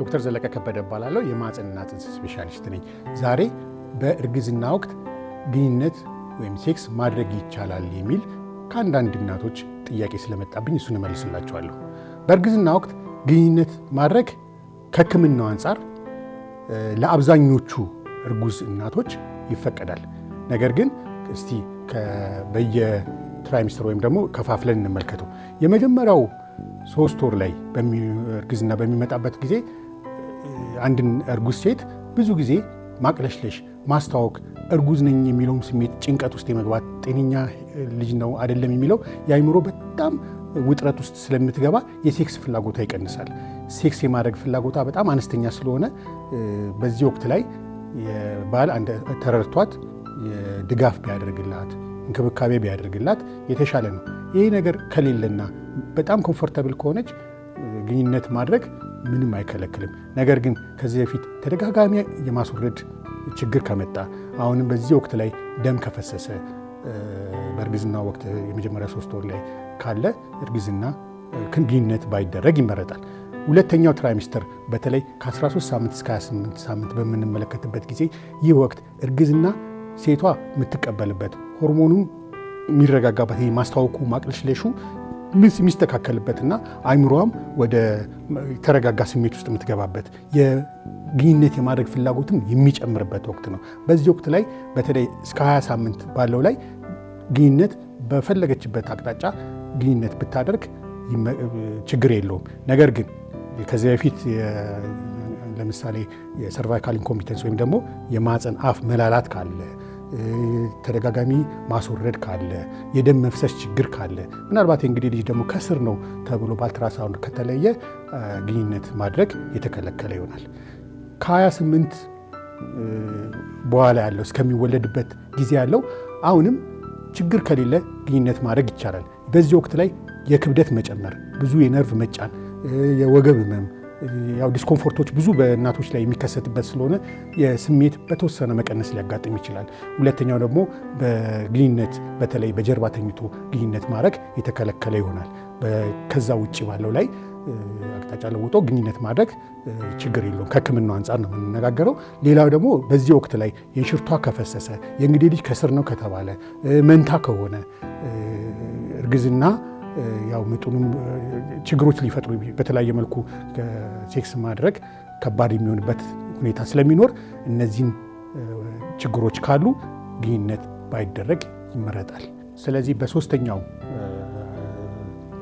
ዶክተር ዘለቀ ከበደ እባላለሁ። የማህፀንና ጽንስ ስፔሻሊስት ነኝ። ዛሬ በእርግዝና ወቅት ግንኙነት ወይም ሴክስ ማድረግ ይቻላል የሚል ከአንዳንድ እናቶች ጥያቄ ስለመጣብኝ እሱን እመልስላቸዋለሁ። በእርግዝና ወቅት ግንኙነት ማድረግ ከሕክምናው አንጻር ለአብዛኞቹ እርጉዝ እናቶች ይፈቀዳል። ነገር ግን እስቲ በየትራይሚስተር ወይም ደግሞ ከፋፍለን እንመልከተው። የመጀመሪያው ሶስት ወር ላይ እርግዝና በሚመጣበት ጊዜ አንድን እርጉዝ ሴት ብዙ ጊዜ ማቅለሽለሽ፣ ማስታወክ፣ እርጉዝ ነኝ የሚለውም ስሜት ጭንቀት ውስጥ የመግባት ጤነኛ ልጅ ነው አይደለም የሚለው የአይምሮ በጣም ውጥረት ውስጥ ስለምትገባ የሴክስ ፍላጎቷ ይቀንሳል። ሴክስ የማድረግ ፍላጎቷ በጣም አነስተኛ ስለሆነ በዚህ ወቅት ላይ ባል ተረድቷት ድጋፍ ቢያደርግላት እንክብካቤ ቢያደርግላት የተሻለ ነው። ይህ ነገር ከሌለና በጣም ኮምፎርታብል ከሆነች ግንኙነት ማድረግ ምንም አይከለክልም። ነገር ግን ከዚህ በፊት ተደጋጋሚ የማስወረድ ችግር ከመጣ አሁንም በዚህ ወቅት ላይ ደም ከፈሰሰ በእርግዝና ወቅት የመጀመሪያ ሶስት ወር ላይ ካለ እርግዝና ክንድነት ባይደረግ ይመረጣል። ሁለተኛው ትራይሚስተር በተለይ ከ13 ሳምንት እስከ 28 ሳምንት በምንመለከትበት ጊዜ ይህ ወቅት እርግዝና ሴቷ የምትቀበልበት ሆርሞኑም የሚረጋጋበት ማስታወቁ ማቅለሽለሹ የሚስተካከልበትና አይምሮዋም ወደ ተረጋጋ ስሜት ውስጥ የምትገባበት የግኝነት የማድረግ ፍላጎትም የሚጨምርበት ወቅት ነው። በዚህ ወቅት ላይ በተለይ እስከ 20 ሳምንት ባለው ላይ ግኝነት በፈለገችበት አቅጣጫ ግኝነት ብታደርግ ችግር የለውም። ነገር ግን ከዚህ በፊት ለምሳሌ የሰርቫይካል ኢንኮምፒተንስ ወይም ደግሞ የማፀን አፍ መላላት ካለ ተደጋጋሚ ማስወረድ ካለ፣ የደም መፍሰስ ችግር ካለ ምናልባት እንግዲህ ልጅ ደግሞ ከስር ነው ተብሎ በአልትራሳውንድ ከተለየ ግንኙነት ማድረግ የተከለከለ ይሆናል። ከ28 በኋላ ያለው እስከሚወለድበት ጊዜ ያለው አሁንም ችግር ከሌለ ግንኙነት ማድረግ ይቻላል። በዚህ ወቅት ላይ የክብደት መጨመር፣ ብዙ የነርቭ መጫን፣ የወገብ ህመም ያው ዲስኮምፎርቶች ብዙ በእናቶች ላይ የሚከሰትበት ስለሆነ የስሜት በተወሰነ መቀነስ ሊያጋጥም ይችላል። ሁለተኛው ደግሞ በግንኙነት በተለይ በጀርባ ተኝቶ ግንኙነት ማድረግ የተከለከለ ይሆናል። ከዛ ውጭ ባለው ላይ አቅጣጫ ለውጦ ግንኙነት ማድረግ ችግር የለውም። ከሕክምናው አንጻር ነው የምንነጋገረው። ሌላው ደግሞ በዚህ ወቅት ላይ የሽርቷ ከፈሰሰ፣ የእንግዴ ልጅ ከስር ነው ከተባለ፣ መንታ ከሆነ እርግዝና ያው ምጡንም ችግሮች ሊፈጥሩ በተለያየ መልኩ ሴክስ ማድረግ ከባድ የሚሆንበት ሁኔታ ስለሚኖር እነዚህን ችግሮች ካሉ ግንኙነት ባይደረግ ይመረጣል። ስለዚህ በሶስተኛው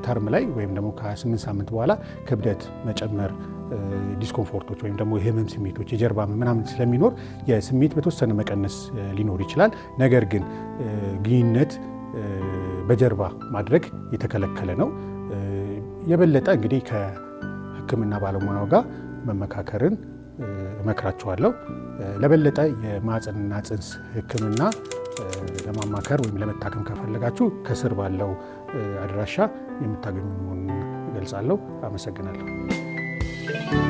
ተርም ላይ ወይም ደግሞ ከ28 ሳምንት በኋላ ክብደት መጨመር፣ ዲስኮምፎርቶች ወይም ደግሞ የህመም ስሜቶች የጀርባ ምናምን ስለሚኖር የስሜት በተወሰነ መቀነስ ሊኖር ይችላል። ነገር ግን ግንኙነት በጀርባ ማድረግ የተከለከለ ነው። የበለጠ እንግዲህ ከሕክምና ባለሙያው ጋር መመካከርን እመክራችኋለሁ። ለበለጠ የማህፀንና ጽንስ ሕክምና ለማማከር ወይም ለመታከም ከፈለጋችሁ ከስር ባለው አድራሻ የምታገኙ መሆኑን እገልጻለሁ። አመሰግናለሁ።